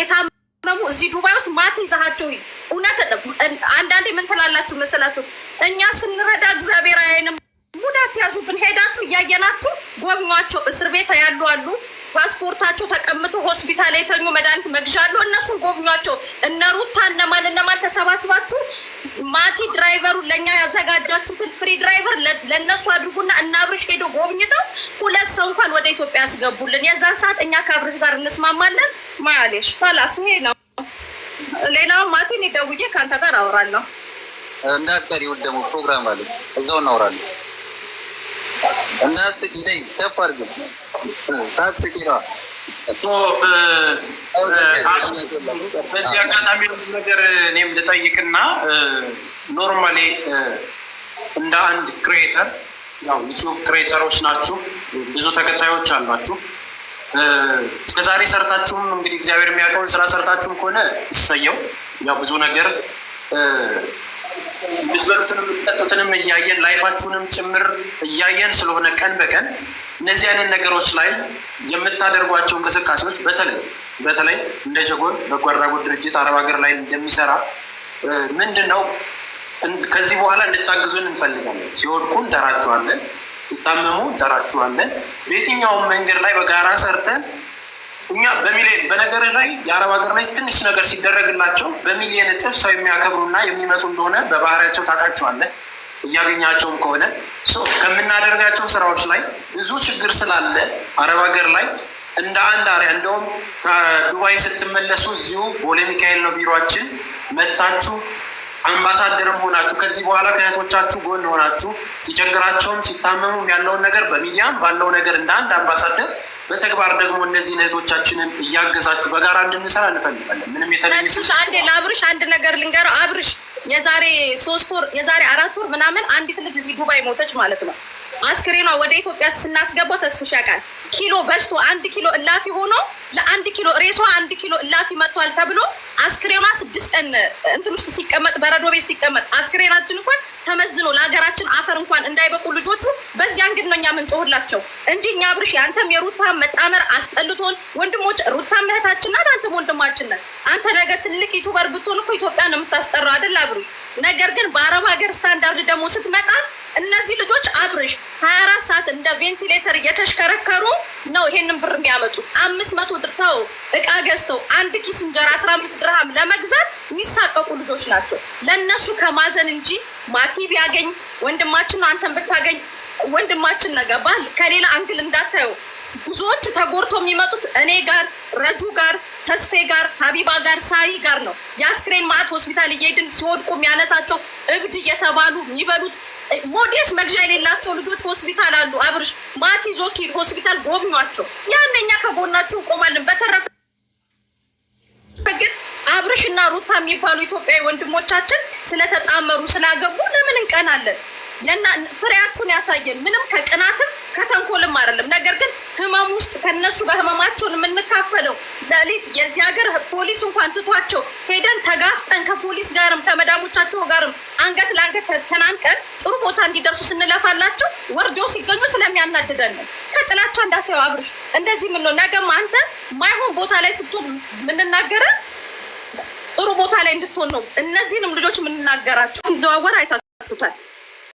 የታመሙ እዚህ ዱባይ ውስጥ ማት ይዛሃቸው እውነት አንዳንዴ ምን ትላላችሁ መሰላችሁ? እኛ ስንረዳ እግዚአብሔር አይንም ሙዳት ያዙብን። ሄዳችሁ እያየናችሁ ጎብኟቸው። እስር ቤት ያሉ አሉ ፓስፖርታቸው ተቀምጦ ሆስፒታል የተኙ መድኃኒት መግዣ አሉ። እነሱን ጎብኟቸው። እነ ሩታ እነማን እነማን ተሰባስባችሁ ማቲ ድራይቨሩ ለእኛ ያዘጋጃችሁትን ፍሪ ድራይቨር ለእነሱ አድርጉና እና አብርሽ ሄዶ ጎብኝተው ሁለት ሰው እንኳን ወደ ኢትዮጵያ ያስገቡልን። የዛን ሰዓት እኛ ከአብርሽ ጋር እንስማማለን። ማሌሽ ፋላስ ይሄ ነው። ሌላው ማቲ እኔ ደውዬ ከአንተ ጋር አውራለሁ። እንዳትቀሪ፣ ውድ ደግሞ ፕሮግራም አለ፣ እዛው እናወራለን። እንዳትስቂ ነይ፣ ተፋርግ አድርጊ፣ ሳትስቂ ነዋ በዚህ አጋጣሚ ነገር እኔም ልጠይቅና ኖርማሊ እንደ አንድ ክሬተር ያው ዩቲዩብ ክሬተሮች ናችሁ፣ ብዙ ተከታዮች አሏችሁ። እስከዛሬ ሰርታችሁም እንግዲህ እግዚአብሔር የሚያውቀውን ስራ ሰርታችሁም ከሆነ ይሰየው። ያው ብዙ ነገር የምትበሉትንም የምትጠጡትንም እያየን ላይፋችሁንም ጭምር እያየን ስለሆነ ቀን በቀን እነዚህ አይነት ነገሮች ላይ የምታደርጓቸው እንቅስቃሴዎች በተለይ በተለይ እንደ ጀጎል በጎ አድራጎት ድርጅት አረብ ሀገር ላይ እንደሚሰራ ምንድን ነው ከዚህ በኋላ እንድታግዙን እንፈልጋለን። ሲወድቁ እንጠራችኋለን፣ ሲታመሙ እንጠራችኋለን። በየትኛውም መንገድ ላይ በጋራ ሰርተን እኛ በሚሊዮን በነገር ላይ የአረብ ሀገር ላይ ትንሽ ነገር ሲደረግላቸው በሚሊዮን እጥፍ ሰው የሚያከብሩና የሚመጡ እንደሆነ በባህሪያቸው ታውቃችኋለን። እያገኛቸውም ከሆነ ከምናደርጋቸው ስራዎች ላይ ብዙ ችግር ስላለ አረብ ሀገር ላይ እንደ አንድ አሪያ እንደውም ከዱባይ ስትመለሱ እዚሁ ቦሌ ሚካኤል ነው ቢሮችን መታችሁ አምባሳደርም ሆናችሁ ከዚህ በኋላ ከእህቶቻችሁ ጎን ሆናችሁ ሲቸግራቸውም ሲታመሙም ያለውን ነገር በሚዲያም ባለው ነገር እንደ አንድ አምባሳደር በተግባር ደግሞ እነዚህ እህቶቻችንን እያገዛችሁ በጋራ እንድንሰራ እንፈልጋለን። ምንም የተለየ አንድ ለአብርሽ አንድ ነገር ልንገረው አብርሽ የዛሬ ሶስት ወር የዛሬ አራት ወር ምናምን አንዲት ልጅ እዚህ ዱባይ ሞተች ማለት ነው። አስክሬኗ ወደ ኢትዮጵያ ስናስገባው ተስፍሽ ያውቃል። ኪሎ በዝቶ አንድ ኪሎ እላፊ ሆኖ ለአንድ ኪሎ ሬሷ አንድ ኪሎ እላፊ መጥቷል ተብሎ አስክሬኗ ስድስት ቀን እንትን ውስጥ ሲቀመጥ በረዶ ቤት ሲቀመጥ አስክሬናችን እንኳን ተመዝኖ ለሀገራችን አፈር እንኳን እንዳይበቁ ልጆቹ በዚያን ግን ነው እኛ ምንጮህላቸው እንጂ እኛ አብርሽ፣ አንተም የሩታ መጣመር አስጠልቶን ወንድሞች፣ ሩታ እህታችን ናት፣ አንተም ወንድማችን ነን። አንተ ነገ ትልቅ ዩቱበር ብትሆን እኮ ኢትዮጵያ ነው የምታስጠራው አይደል አብርሽ? ነገር ግን በአረብ ሀገር ስታንዳርድ ደግሞ ስትመጣ እነዚህ ልጆች አብርሽ ሀያ አራት ሰዓት እንደ ቬንቲሌተር እየተሽከረከሩ ነው ይሄንን ብር የሚያመጡት። አምስት መቶ ድርተው እቃ ገዝተው አንድ ኪስ እንጀራ አስራ አምስት ድርሃም ለመግዛት የሚሳቀቁ ልጆች ናቸው። ለእነሱ ከማዘን እንጂ ማቲ ቢያገኝ ወንድማችን ነው አንተን ብታገኝ ወንድማችን ነገባል ከሌላ አንግል እንዳታየው ብዙዎቹ ተጎድቶ የሚመጡት እኔ ጋር፣ ረጁ ጋር፣ ተስፌ ጋር፣ ሀቢባ ጋር፣ ሳይ ጋር ነው። የአስክሬን ማዕት ሆስፒታል እየሄድን ሲወድቁ የሚያነሳቸው እብድ እየተባሉ የሚበሉት ሞዴስ መግዣ የሌላቸው ልጆች ሆስፒታል አሉ። አብርሽ ማት ይዞ ኪድ ሆስፒታል ጎብኟቸው። ያንኛ ከጎናቸው እቆማለን። በተረፈ ግን አብርሽ እና ሩታ የሚባሉ ኢትዮጵያዊ ወንድሞቻችን ስለተጣመሩ ስላገቡ ለምን እንቀናለን? ፍሬያችሁን ያሳየን። ምንም ከቅናትም ከተንኮልም አይደለም። ነገር ግን ህመም ውስጥ ከነሱ ጋር ህመማቸውን የምንካፈለው ለሊት የዚህ ሀገር ፖሊስ እንኳን ትቷቸው ሄደን ተጋፍጠን ከፖሊስ ጋርም ከመዳሞቻቸው ጋርም አንገት ለአንገት ተናንቀን ጥሩ ቦታ እንዲደርሱ ስንለፋላቸው ወርደው ሲገኙ ስለሚያናድደን ነው። ከጥላቻ እንዳታዩ አብርሽ፣ እንደዚህ ምንለው ነገም አንተ ማይሆን ቦታ ላይ ስትሆን የምንናገረ ጥሩ ቦታ ላይ እንድትሆን ነው። እነዚህንም ልጆች የምንናገራቸው ሲዘዋወር አይታችሁታል።